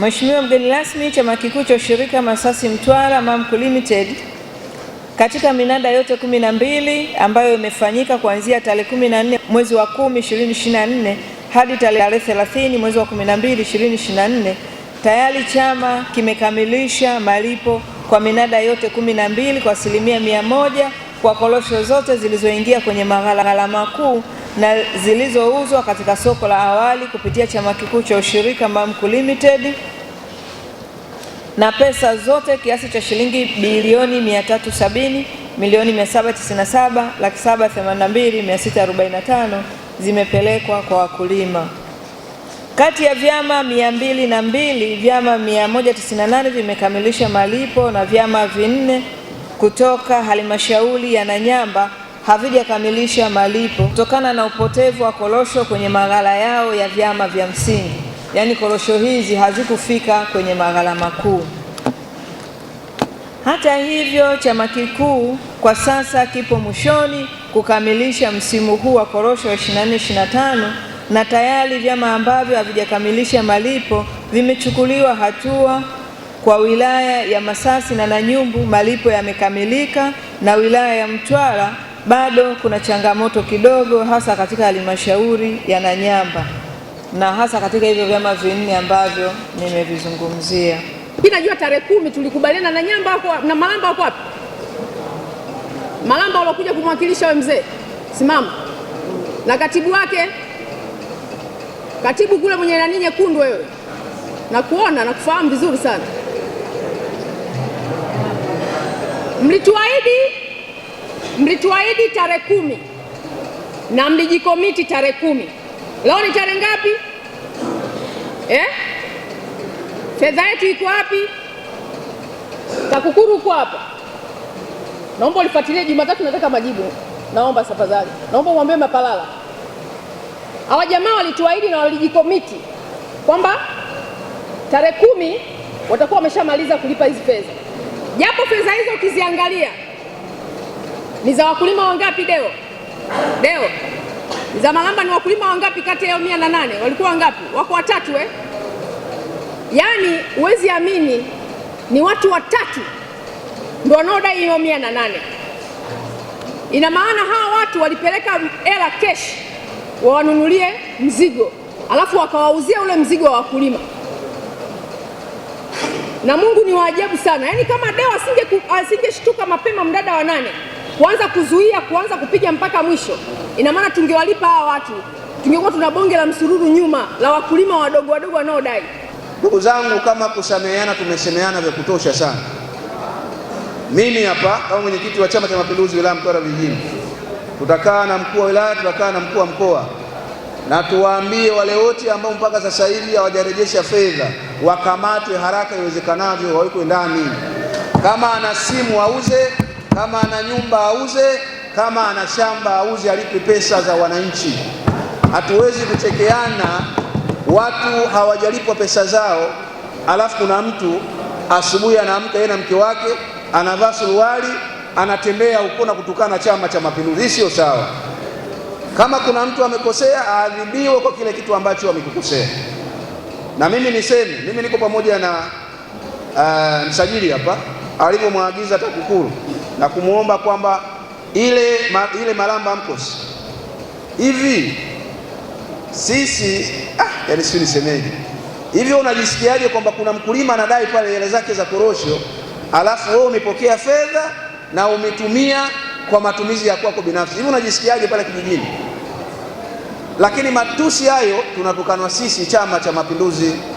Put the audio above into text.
Mheshimiwa mgeni rasmi, chama kikuu cha ushirika Masasi Mtwara MAMCU Limited katika minada yote kumi na mbili ambayo imefanyika kuanzia tarehe 14 mwezi wa 10 2024 hadi tarehe 30 mwezi wa 12 2024, tayari chama kimekamilisha malipo kwa minada yote kumi na mbili kwa asilimia mia moja kwa korosho zote zilizoingia kwenye maghala makuu na zilizouzwa katika soko la awali kupitia chama kikuu cha ushirika Mamku Limited na pesa zote kiasi cha shilingi bilioni 370 milioni 797 laki 782 645 zimepelekwa kwa wakulima. Kati ya vyama 202 vyama 198 vimekamilisha malipo na vyama vinne kutoka halmashauri ya Nanyamba havijakamilisha malipo kutokana na upotevu wa korosho kwenye maghala yao ya vyama vya msingi, yaani korosho hizi hazikufika kwenye maghala makuu. Hata hivyo, chama kikuu kwa sasa kipo mwishoni kukamilisha msimu huu wa korosho wa 25 na tayari vyama ambavyo havijakamilisha malipo vimechukuliwa hatua. Kwa wilaya ya Masasi na Nanyumbu malipo yamekamilika na wilaya ya Mtwara bado kuna changamoto kidogo, hasa katika halmashauri ya Nanyamba na hasa katika hivyo vyama vinne ambavyo nimevizungumzia. Mimi najua tarehe kumi tulikubaliana na Nyamba wako na Malamba wako wapi? Malamba alokuja kumwakilisha we mzee, simama na katibu wake, katibu kule mwenye nani nyekundu, wewe nakuona na kufahamu vizuri sana, mlituahidi mlituahidi tarehe kumi na mlijikomiti tarehe kumi. Leo ni tarehe ngapi eh? Fedha yetu iko wapi? TAKUKURU uko hapa, naomba ulifuatilie. Jumatatu nataka majibu, naomba safadhali, naomba umwambie Mapalala hawa jamaa walituahidi na walijikomiti kwamba tarehe kumi watakuwa wameshamaliza kulipa hizi fedha, japo fedha hizo ukiziangalia ni za wakulima wangapi? Deo, Deo, ni za Malamba ni wakulima wangapi kati ya mia na nane? Walikuwa wangapi? Wako watatu eh? Yaani huwezi amini, ni watu watatu ndio wanaodai hiyo mia na nane. Ina maana hawa watu walipeleka hela kesh wawanunulie mzigo alafu wakawauzia ule mzigo wa wakulima na Mungu ni waajabu sana. Yaani kama Deo asingeshtuka mapema mdada wa nane kuanza kuzuia kuanza kupiga mpaka mwisho, ina maana tungewalipa hawa watu, tungekuwa tuna bonge la msururu nyuma la wakulima wadogo wadogo wanaodai. Ndugu zangu, kama kusameheana, tumesemeana vya kutosha sana. Mimi hapa kama mwenyekiti wa Chama cha Mapinduzi wilaya Mtwara Vijijini, tutakaa na mkuu wa wilaya, tutakaa na mkuu wa mkoa na tuwaambie wale wote ambao mpaka sasa hivi hawajarejesha fedha wakamatwe haraka iwezekanavyo, wawekwe ndani. Kama ana simu auze kama ana nyumba auze, kama ana shamba auze, alipe pesa za wananchi. Hatuwezi kuchekeana, watu hawajalipwa pesa zao, alafu kuna mtu asubuhi anaamka yeye na mke wake anavaa suruali anatembea huko na kutukana Chama cha Mapinduzi. Hii sio sawa. Kama kuna mtu amekosea aadhibiwe kwa kile kitu ambacho amekikosea. Na mimi niseme, mimi niko pamoja na uh, msajili hapa alivyomwagiza TAKUKURU na kumwomba kwamba ile, ma, ile Malamba Mkosi hivi sisi ah, yani sijui nisemeje hivyo. Unajisikiaje kwamba kuna mkulima anadai pale hela zake za korosho, alafu wewe umepokea fedha na umetumia kwa matumizi ya kwako binafsi? Hivi unajisikiaje pale kijijini? Lakini matusi hayo tunatukanwa sisi Chama cha Mapinduzi.